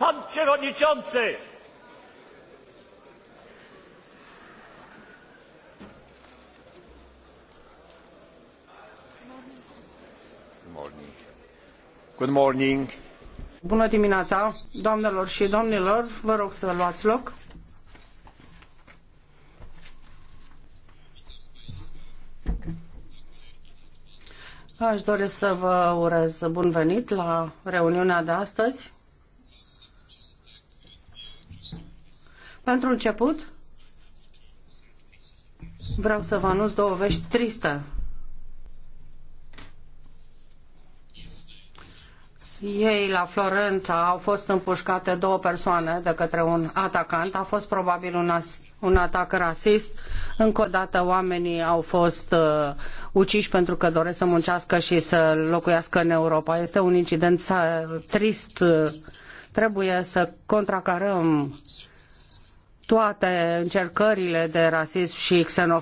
Pan Przewodniczący! Good morning. Bună dimineața, doamnelor și domnilor, vă rog să luați loc. Aș dori să vă urez bun venit la reuniunea de astăzi. Pentru început, vreau să vă anunț două vești triste. Ei la Florența au fost împușcate două persoane de către un atacant. A fost probabil un, un atac rasist. Încă o dată oamenii au fost uh, uciși pentru că doresc să muncească și să locuiască în Europa. Este un incident trist. Uh, Trebuie să contracarăm toate încercările de rasism și xenofobie